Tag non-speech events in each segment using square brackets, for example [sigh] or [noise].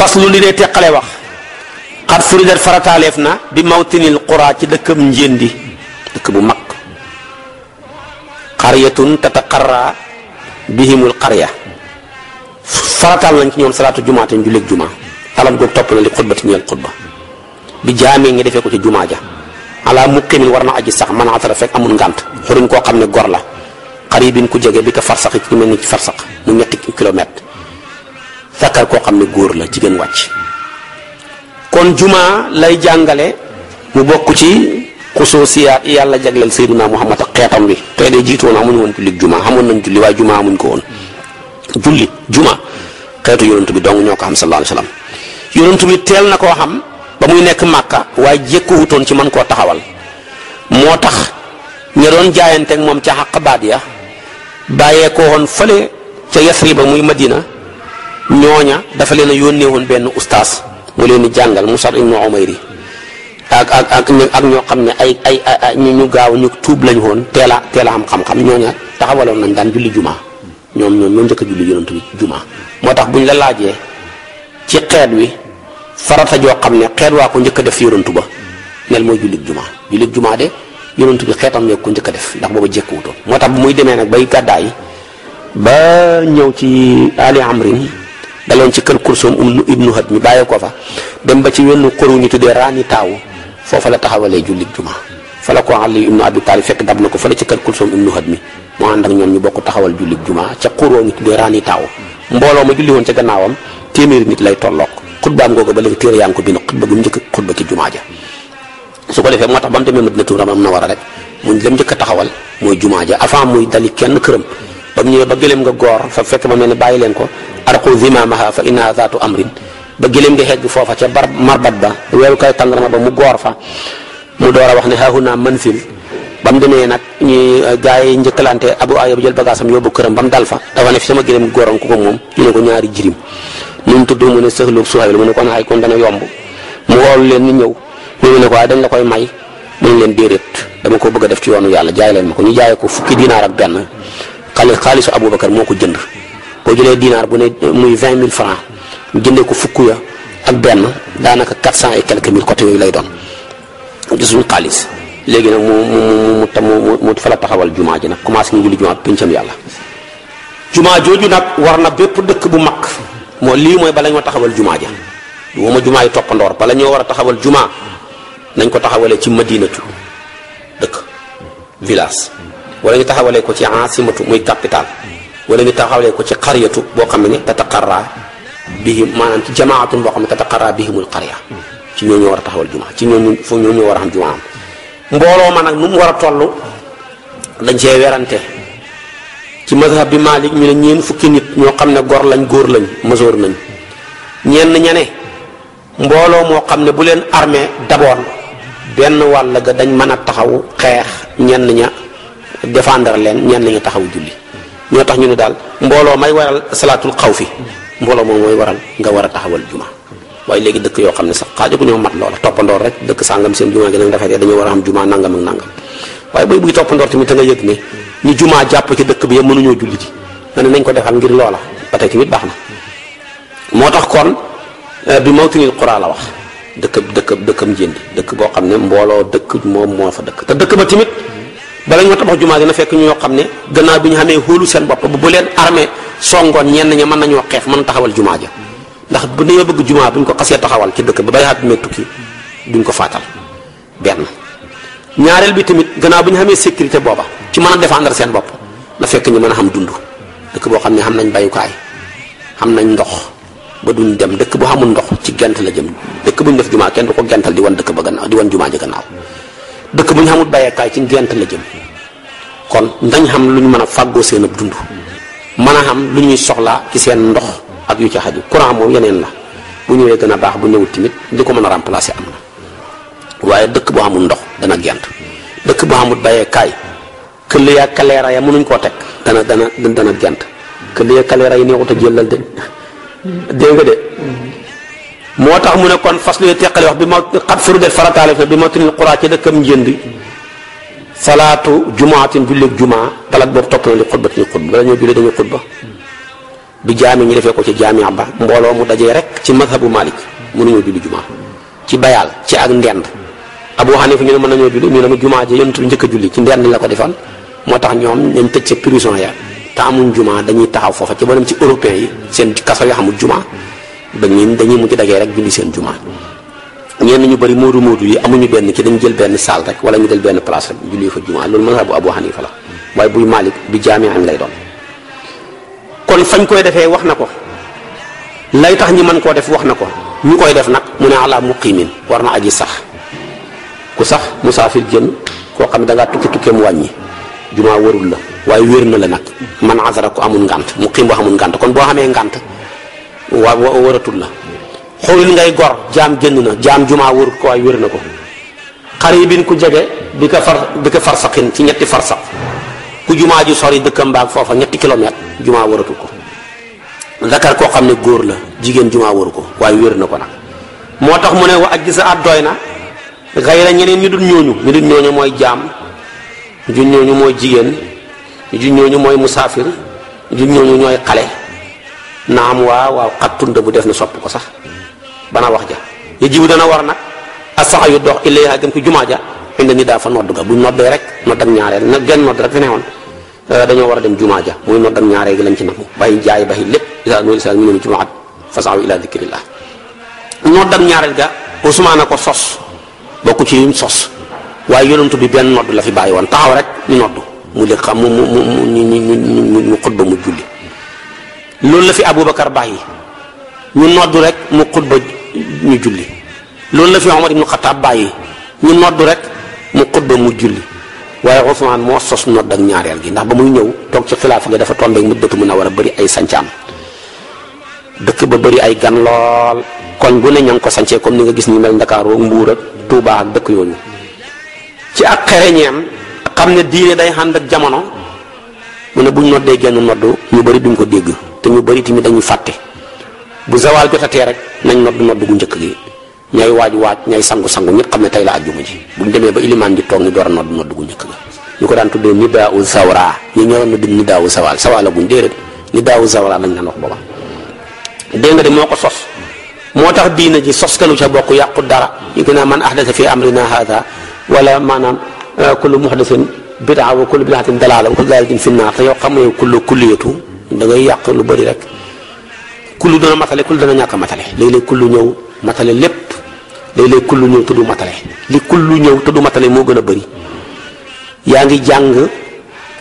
fas lu li dee teqale wax xat furidat farataaleef na bi mawtinil qura ci dëkk dëkkam njéendi dëkk bu mag xaryatun tataqarra bihimul xarya farataal nañ ci ñoom salaatu jumaa te julleeg jumaa alam googu topp na li xutba te ñeel xutba bi jaamee ngi defee ko ci jumaa ja ala muqimin war na aji sax man atara fekk amul ngànt xurin koo xam ne gor la xaribin ku jege bi ko farsax ci mel ni ci farsax mu ñetti kilomètre sakkar koo xam ne góor la jigéen wàcc kon juma lay jàngale mu bokk ci xusuusiyaat yàlla jagleel sayyiduna muhammad tax xeetam wi tey de jiitu woon amuñu woon jullig juma nañ julli waaye ko woon julli juma xeetu yonent bi dong ñoo ko xam sallallahu alayhi wa sallam yonent bi teel na koo xam ba muy nekk màkka waaye jékkuwutoon ci man koo taxawal moo tax ña doon jaayanteeg moom ca xaq baat ya bàyyee ko woon fële ca ba muy madina ñooña dafa leen a yónnee woon benn ustaas mu leen di jàngal mu sar Umayr ak ak ak ak ñoo xam ne ay ay ay ñu gaaw ñu tuub lañ woon teel a teel a am xam-xam ñooña taxawaloon nañ daan julli jumaa ñoom ñoom ñoo njëkk a julli yonent bi jumaa moo tax buñ la laajee ci xeet wi farata joo xam ne xeet waa ko njëkk def yonent ba nel mooy jullig jumaa jullig jumaa de yonent bi xeetam ne ko njëkk a def ndax booba jékkuwutoon moo tax bu muy demee nag bay gàddaay ba ñëw ci Ali Amrin daloon ci kër kursum um ibnu mi bàyyi ko fa dem ba ci wenn xuru ñu tuddee raani taawu foofa la taxawalee jullit juma fa la ko Ali ibnu Abi Talib fekk dab na ko fa la ci kër kursum ibnu hat mi mu ànd ak ñoom ñu bokk taxawal jullit juma ca xuroo ñu tuddee raani taawu mbooloo ma julli woon ca gannaawam téeméeri nit lay tolloog xutbaam googu ba léegi téere yaa ngi ko bind xutba gu njëkk xutba ci jumaa ja su ko defee moo tax ba mu demee Madinatu rek mu dem njëkk a taxawal mooy jumaa ja avant muy dali kenn këram ba mu ñëwee ba gëléem nga goor fa fekk ma ne bàyyi leen ko arqu zimamaha fa innaha zaatu amrin ba gëléem gi xegg foofa ca bar marbat ba weeru koy tàndarma ba mu goor fa mu door a wax ne hahuna mansil ba mu demee nag ñu euh, gars yi njëkkalante abu ayub jël bagaasam yóbbu këram ba mu dal fa dafa ne fi sama gëléem góoroon ku ko moom ñu ne ko ñaari jirim ñu mu tudd mu ne sëxloog suhayl mu ne kon xay kon dana yomb mu woolu leen ñu ñëw ñu ne ko waaye dañ la koy may mu ne leen déedéet dama ko bëgg a def ci yoonu yàlla jaay leen ma ko ñu jaayee ko fukki dinaar ak benn xale xaalisu aboubacar moo ko jënd boo jëlee dinaar bu ne muy vingt mille francs jëndee ko fukk ya ak benn daanaka quatre cent et quelques côté yooyu lay doon gisuñu xaalis léegi nag mu mu mu mu mu fa la taxawal jumaa ji nag commencé ñu julli jumaa pincam yàlla jumaa jooju nag war na bépp dëkk bu mag moo lii mooy bala ñoo taxawal jumaa ja ma jumaa yi toppandoor bala ñoo war a taxawal jumaa nañ ko taxawalee ci madinatu dëkk village wala ñu taxawalee ko ci asimatu muy capital wala ñu taxawlee ko ci xariyatu boo xam ne tataqarra bihim maanaam ci jamaatun boo xam ne tataqarra bihimul xariya ci ñoo ñu war a taxawal juma ci ñooñu fo ñoo ñu war a xam juma am mbooloo ma nag nu mu war a toll dañ cee werante ci mazhab bi Malik ñu ne ñeen fukki nit ñoo xam ne gor lañ góor lañu masoor nañ ñenn ña ne mbooloo moo xam ne bu leen armée d'abord benn wàll ga dañ mën a taxaw xeex ñenn ña défendre leen ñenn ña taxaw julli ñoo tax ñu ne daal mbooloo may waral salaatul xaw fi mbooloo moom mooy waral nga war a taxawal juma waaye léegi dëkk yoo xam ne sax xaajagu mat loola toppandoor rek dëkk sàngam seen juma gi nag rafetee dañoo war a am juma nangam ak nangam waaye booy buy toppandoor tamit te nga yëg ne ñu juma jàpp ci dëkk bi yëpp mënuñoo julli ji nga ne nañ ko defal ngir loola ba tey tamit baax na moo tax kon euh, bi mawtinil qura la wax dëkk dëkk dëkkam njëndi dëkk boo xam ne mbooloo dëkk moom moo fa dëkk te dëkk ba tamit bala ñoo tabax jumaa na fekk ñoo xam ne gannaaw bi ñu xamee xóolu seen bopp bu bu leen armée songoon ñenn ña mën nañoo xeex mën taxawal jumaa ja ndax bu dañoo bëgg jumaa bu ñu ko xasee taxawal ci dëkk ba bay àdduna tukki duñ ko faatal benn ñaareel bi tamit gannaaw bi ñu xamee sécurité booba ci mën a défendre seen bopp na fekk ñu mën a xam dund dëkk boo xam ne xam nañ bayukaay xam nañ ndox ba duñ dem dëkk bu xamul ndox ci gent la jëm dëkk ñu def jumaa kenn du ko gental di wan dëkk ba gannaaw di wan jumaa ji gannaaw dëkk bu ñu xamul bàyyeekaay ci ngent la jëm kon nañ xam lu ñu mën a fàggoo seen ak dund mën a xam lu ñuy soxlaa ci seen ndox ak yu ci xaju courant moom yeneen la bu ñëwee gën a baax bu ñëwul tamit li ko mën a remplacer am na waaye dëkk boo xamul ndox dana gent dëkk boo xamul bàyyeekaay këll yaa kaleera ya mënuñ koo teg dana dana dana gent këll yaa kaleera yi neexut a jëlal de [laughs] dégg de moo tax mu ne kon fas luy teqale wax bi ma xat furudel farataale fi bi ma tinil xuraa ca dëkkam njënd salaatu jumaatin julleeg jumaa talaat boobu topp na li xutba tiñu xutba bala ñoo jullee dañuy xutba bi jaami ñu defee ko ci jaami ba mbooloo mu dajee rek ci mazhabu malik mënuñoo julli jumaa ci bayaal ci ak ndend abu xanifa ñu ne mën nañoo julli ñu ne ma jumaa ji yontu njëkk a julli ci ndend la ko defal moo tax ñoom dañ tëj sa prison ya te amuñ jumaa dañuy taxaw foofa ci ba dem ci européen yi seen kaso yoo xamul jumaa dañuy dañuy mujj dajee rek julli seen juma. ñenn ñu bëri moodu moodu yi amuñu benn ki dañu jël benn saal rek wala ñu jël benn place rek julli fa juma loolu mën bu Abu Hanifa la waaye buy Malik bi jaami'an lay doon. kon fañ koy defee wax na ko lay tax ñi mën koo def wax na ko ñu koy def nag mu ne ala muqimin war na aji sax ku sax musaafir jën koo xam ne da ngaa tukki tukkee mu wàññi jumaa warul la waaye wér na la nag man asara ko amul ngànt muqim boo xamul ngànt kon boo xamee ngànt waa wëratul la xulil ngay gor jaam génn na jaam jumaa wërut ko waaye wér na ko xaribin ku jege bi ko far bi ko farsaqin ci ñetti farsaq ku jumaa ji sori dëkkam baag foofa ñetti kilomètre jumaa wëratul ko koo xam ne góor la jigéen jumaa wëru ko waaye wér na ko nag moo tax mu ne wa aj sa at na xëyra ñeneen ñu dul ñooñu ñu dul ñooñu mooy jaam ñu dul ñooñu mooy jigéen ñu dul ñooñu mooy musaafir ñu ñooñu ñooy xale naa waa waaw waaw xattunda bu def na sopp ko sax banaa wax ja ya jibu dana war nag a sax yu dox ilayha gëm ko jumaa ja indi ni daa fa nodd ga bu noddee rek noddam ñaareel nag genn nodd rek fi newoon eh, dañoo war a dem jumaa ja muy noddam ñaareel gi lañ ci nangu bàyyi jaay bàyyi lépp isa no isa minum jumaat fasaaw ila dikrillah noddam ñaareel ga Usmaan a ko sos bokku ci yim sos waaye yonent bi benn nodd la fi bàyyi woon taxaw rek ñu nodd mu léeg xam mu mu mu mu mu xutba mu julli loolu la fi Aboubacar bàyyi ñu noddu rek mu xutba ñu julli loolu la fi Omar ibnu Xataab bàyyi ñu noddu rek mu xutba mu julli waaye Ousmane moo sos nodd ak ñaareel gi ndax ba muy ñëw toog ci xilaafa ga dafa tombé mu dëkk mën a war a bëri ay sancaan dëkk ba bari ay gan lool koñ bu ne ña ngi ko sancee comme ni nga gis ñu mel Ndakaaru ak Mbuur ak Tuubaa ak dëkk yooyu ci ak xereñeem xam ne diine day ànd ak jamono mu ne buñ noddee genn noddu ñu bëri duñ ko dégg ñu bëri tamit dañuy fàtte bu zawaal jotatee rek nañ nodd nodd gu njëkk gi ñay waaj waaj ñay sangu-sangu ñëpp xam ne tey la àjjuma ji buñ demee ba ilimaan ji toog ñu door a nodd nodd gu njëkk ga ñu ko daan tuddee nidaawu zawra ñu ñëwoon na dim nidaawu zawaal zawaala guñ déedéet nidaawu zawra lañ daan wax booba dégg nga de moo ko sos moo tax diina ji sos kanu ca bokk yàqu dara ñu gën a man ahdasa fi amrina hada wala maanaam euh, kullu muhdasin bidaa da ngay yàq lu bari rek kullu dana matale kullu dana ñàkk matale léeg-léeg kullu ñëw matale lépp léeg-léeg kullu ñëw te du matale li kullu ñëw te du matale moo gën a bëri yaa ngi jàng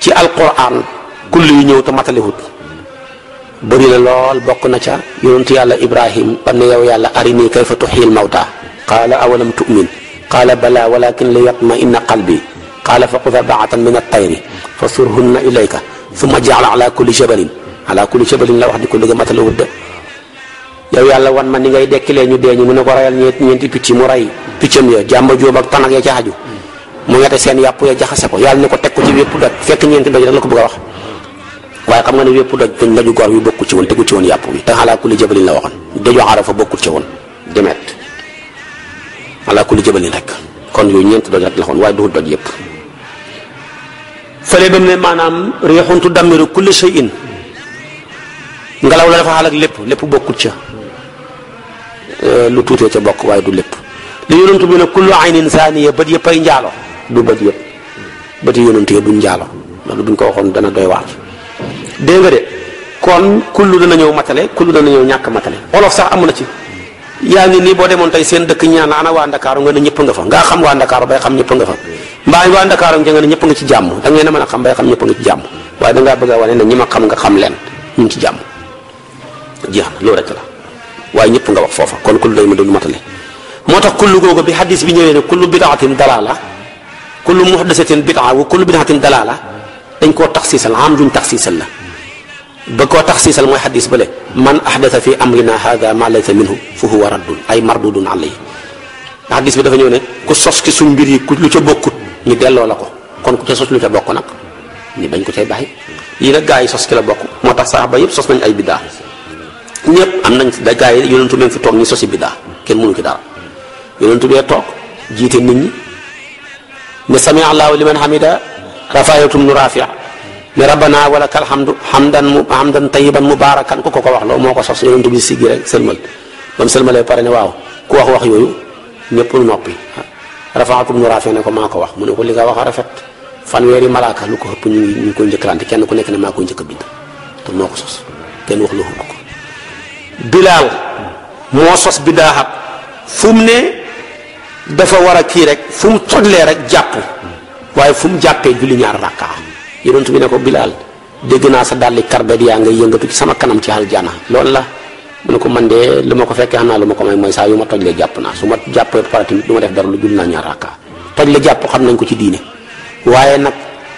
ci alquran kullu yu ñëw te matalewut bëri na lool bokk na ca yonent yàlla ibrahim ba ne yow yàlla arini kayfa tuxyil mawta qaala awalam tu'min qaala bala walakin li yatma inna qalbi qaala fa xud arbaatan min attayri fa surhunna ilayka summa jaala ala kulli jabalin ala kulli jabalin la wax di ko léegi matala de yow yàlla wan ma ni ngay dekkilee ñu dee ñu mu ne ko rayal ñeenti picc mu ray piccam ya jàmba jóob ak tanak ya ca xaju mu ñette yàpp ya jaxase ko yàlla ne ko teg ko ci wépp doj fekk ñeenti doj rek waaye xam nga ne wépp doj dañ daju goor yu bokku ci woon tegu ci woon yàpp la waxoon daju kon yooyu ñeenti doj rek la waxoon waaye du doj yëpp fële ba mu ne maanaam réexun tudammiru kulli shay'in ngelaw la dafa xaal lépp lépp bokkut ca euh, lu tuutee ca bokk waaye du lépp li yonent bi ne kullu aynin zaaniya bët yëpp ay njaalo du bët yëpp bëti yonent yi duñ njaalo loolu buñ ko waxoon dana doy waar dégg nga de kon kullu dana ñëw matale kullu dana ñëw ñàkk matale olof sax amu na ci yaa ngi nii boo demoon tey seen dëkk ñaan ana waa ndakaaru nga ne ñëpp nga fa ngaa xam waa ndakaaru bay xam ñëpp nga fa mbaa waa Ndakaaru nga ne ñëpp nga ci jàmm da ngeen a mën a xam bay xam ñëpp nga ci jàmm waaye dangaa bëgg a wane ne ñi ma xam nga xam leen ñu ngi ci jàmm jeex na loolu rek la waaye ñëpp nga wax foofa kon kullu day ma doon matale moo tax kullu googu bi hadis bi ñëwee ne kullu bidaatin dalaala kullu muhdasatin bidaa wa kullu bidaatin dalaala dañ koo taxsiisal am luñ taxsiisal la ba koo taxsiisal mooy hadis bële man ahdata fi amrina hada ma laysa minhu fa huwa raddun ay mardudun alayhi hadis bi dafa ñëw ne ku sos ci suñ mbir yi ku lu ca ñu delloo la ko kon ku te sos lu te bokk nag ñu bañ ko tey bàyyi yi nag gaa yi sos ki la bokk moo tax saxaaba yëpp sos nañ ay biddaa ñëpp am nañ da gaa yi yonentu leen fi toog ñu sosi biddaa kenn mënu ci dara yonentu bee toog jiite nit ñi ne sami allahu liman hamida rafayatum nu rafia ne rabbana wala kal hamdu hamdan mu hamdan tayiban mubarakan ku ko ko wax loo moo ko sos yonentu bi siggi rek sëlmal ba mu sëlmalee pare ne waaw ku wax wax yooyu ñëpp noppi rafaatu ibnu ne ko maa ko mu ne ko li nga wax rafet fanweeri malaaka lu ko xëpp ñu ngi ñu njëkkalante kenn ku nekk ne maa koy njëkk a te moo ko sos kenn wax loo ko bilaal moo sos bi daaxat fu ne dafa war a kii rek fu mu tojlee rek jàpp waaye fu mu jàppee julli ñaar rakkaa yonent bi ne ko bilaal dégg naa sa dàlli karbet yaa ngay yëngatu ci sama kanam ci aljana loolu la mu ne ko man de lu ma ko fekkee xam naa lu ma ko may mooy saa yu ma toj le jàpp naa su ma jàppee ba pare tamit du ma def dara lu jul naa ñaar rakka toj le jàpp xam nañ ko ci diine waaye nag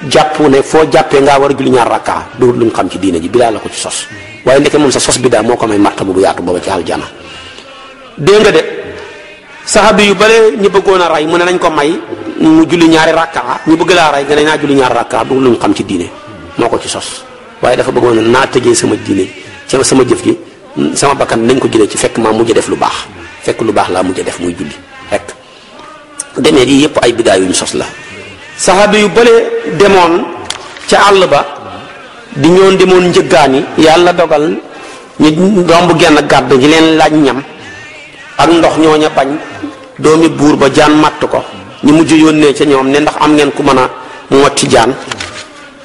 jàpp ne foo jàppee ngaa war a jul ñaar rakka duur luñ xam ci diine ji bilaa la ko ci sos waaye ndeke moom sa sos bi daal moo ko may martaba bu yaatu booba ci aljana nga de saxaabi yu bare ñu bëggoon a rey mu ne nañ ko may mu julli ñaari ràkkaa ñu bëgg laa rey nga ne naa julli ñaari rakka duur luñ xam ci diine moo ko ci sos waaye dafa bëggoon naa tëjee sama diine ci sama jëf ji sama bakkan nañ ko jëlee ci fekk maa mujj def lu baax fekk lu baax laa mujj def muy julli rek demee yi yëpp ay biddaa yuñ sos la saxaaba yu bare demoon ca àll ba di ñoon demoon njëggaani yàlla dogal ñu romb genn gàdd ñi leen laaj ñam ak ndox ñooña bañ doomi buur ba jaan matt ko ñu mujj yónnee ca ñoom ne ndax am ngeen ku mën a mocc jaan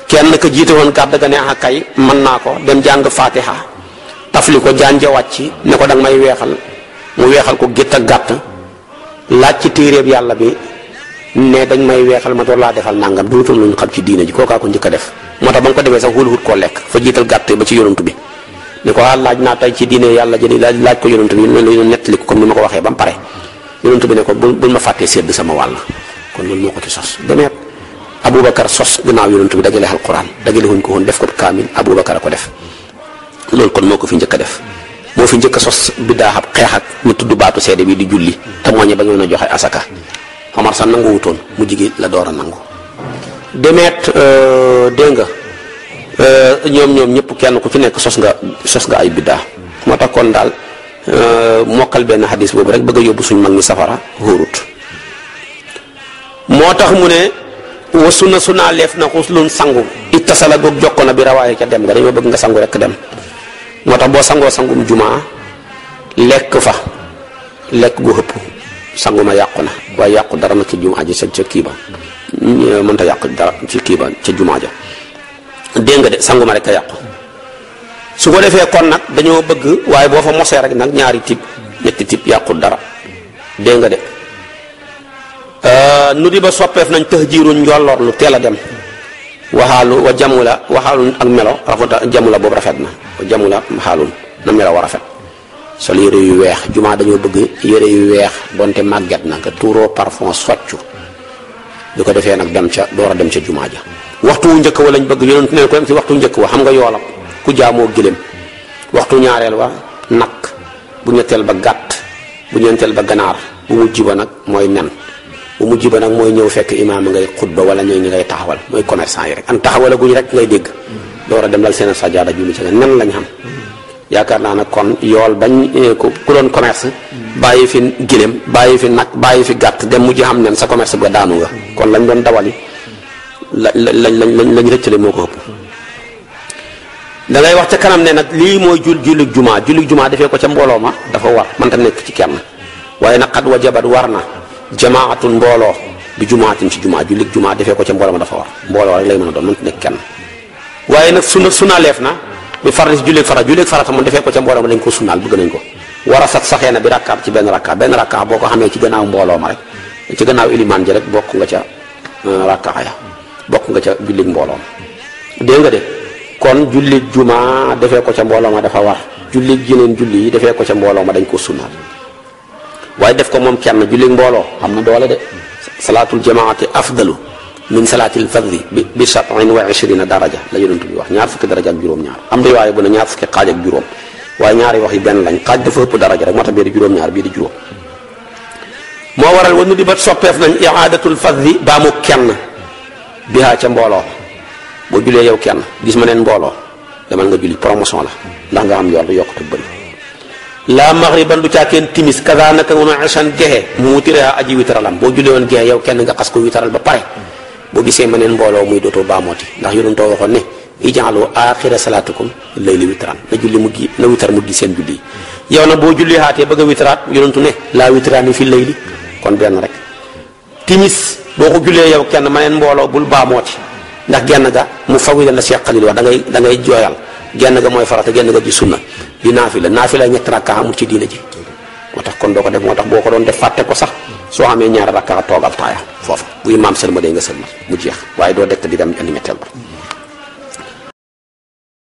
kenn ka jiite woon gàdd ga ne ah, kay mën naa ko dem jàng faatiha tafli ko jaan ja wàcc ne ko danga may weexal mu weexal ko gétt ak gàtt laaj ci téeréeb yàlla bi ne dañ may weexal ma door laa defal nangam duutum luñ xam ci diina ji kookaa ko njëkk a def moo tax ba nga ko defee sax xulxut koo lekk fa jiital gàtt ba ci yonantu bi ah, laaj naa tey ci diine yàlla jëli laaj laaj ko yonantu bi loolu la nettali ko comme ni ma ko waxee ba mu pare yonantu bi ne kon loolu moo ko ci sos demeet Aboubacar sos gannaaw yonantu bi dajale alquran dajale ko woon def ko kaamil Aboubacar a ko def loolu kon moo ko fi njëkk a def moo fi njëkk a sos biddaa xab xeex ak ñu tudd baatu seede bi di julli te mooñe ba ñu mën a joxe asaka Omar sax nangu wutoon mu jigi la door a nangu demeet euh, dégg nga euh, ñoom ñoom ñëpp kenn ku ci nekk sos nga sos nga ay biddaa moo tax kon daal euh, mokkal benn xadis boobu rek bëgg yóbbu suñ mag ñi safara wóorut moo tax mu ne su na sunna sunaa leef na xuslun sangu it a goog jokko na bi rawaaye ca dem nga dañoo bëgg nga sangu rek dem moo tax boo sangoo sangum jumaa lekk fa lekk gu xëpp sanguma yàqu na waaye yàqu dara na ci jumaa ji sa ca kii ba euh, mënta yàqu dara ci kii ba ca jumaa ja dégg nga de sanguma rek a yàqu su ko defee kon nag dañoo bëgg waaye boo fa mosee rek nag ñaari tib ñetti tib yàqu dara dégg nga de euh, nu di ba soppeef nañ tëx jiiruñ njolloor lu teel a dem waxaalu wa jamu la waxaalun ak melo rafet jamu boobu rafet na wa jamu la xaalun na melo wa rafet sol yére yu weex jumaa dañoo bëgg yére yu weex donte màgget na nga tuuroo parfum soccu du ko defee nag dem ca door a dem ca jumaa ja waxtu wu njëkk wa lañ bëgg yonent ne ko dem ci waxtu njëkk wa xam nga yoolam ku jaamoo gëléem waxtu ñaareel wa nag bu ñetteel ba gàtt bu ñeenteel ba ganaar bu mujj ba nag mooy nen bu mujj ba nag mooy ñëw fekk imaam ngay xutba wala ñooy ñi ngay taxawal mooy commerçant yi rek an taxawala rek ngay dégg door a dem dal seen sajaada julli ca nan lañ xam yaakaar naa nag kon yool bañ eh, ku doon commerce bàyyi fi giléem bàyyi fi nag bàyyi fi gàtt dem mujj xam nen sa commerce ba daanu nga kon lañ doon dawali la lañ lañ lañ rëccale moo ko ëpp da ngay wax ca kanam ne nag lii mooy jul jullig jumaa jullig jumaa defee ko ca mbooloo ma dafa war mënta nekk ci kenn waaye nag xat wajabat war na jamaatul mbooloo bi jumaatin ci jumaa jullit jumaa defee ko ca mbooloo ma dafa war mbooloo rek lay mën a doon mënut nekk kenn waaye nag leef na bi farata si julleeg farata julleeg farata moom defee ko ca mbooloo ma dañ ko sunaal bëgg nañ ko war a sax saxee na bi rakkaab ci benn rakkaab benn rakkaab boo ko xamee ci gannaaw mbooloo ma rek ci gannaaw ilimaan ji rek bokk nga ca euh, rakkaa ya bokk nga ca jullig mbooloo dégg nga de kon jullig jumaa defee ko ca mbooloo ma dafa war jullig yeneen julli yi defee ko ca mbooloo ma dañ ko sunaal waaye def ko moom kenn julli mbooloo xam na doole de salaatul jamaati afdalu min salaatil fardi bi bi satin wa ishrina daraja la yonent bi wax ñaar fukki daraja ak juróom-ñaar am riwaaya bu ne ñaar fukki xaaj ak juróom waaye ñaari wax yi benn lañ xaaj dafa ëpp daraja rek moo tax bii di juróom-ñaar bii di juróom moo waral wanu di bat soppeef nañ iaadatul fardi baa mu kenn bihaa ca mbooloo boo julee yow kenn gis ma neen mbooloo demal nga julli promotion la ndax nga am yool yokkute laa maxriban du caakeen timis kaza naka nga a asan gexe mu wutiraa aji witaralam boo jullee woon gexe yow kenn nga xas ko witaral ba pare boo gisee ma neen mbooloo muy dootoo baamooti ndax yonent too waxoon ne ijaalu aaxira salaatukum layli witran na julli mu gi na witar mu gi yow nag boo julli xaatee bëgg a witaraat yonentu ne laa witraani fi layli kon benn rek timis boo ko jullee yow kenn ma neen mbooloo bul baamooti ndax genn ga mu fawi la Cheikh Khalil wax da dangay da ngay jooyal genn ga mooy farata genn ga ji sunna di naafila naafila ñetti a amul ci diina ji moo tax kon doo ko def moo tax boo ko doon def fàtte ko sax soo xamee ñaari rakka toogal taaya bu buy maam sëlma day nga sëlma mu jeex waaye doo dett di dem andi ñetteel ba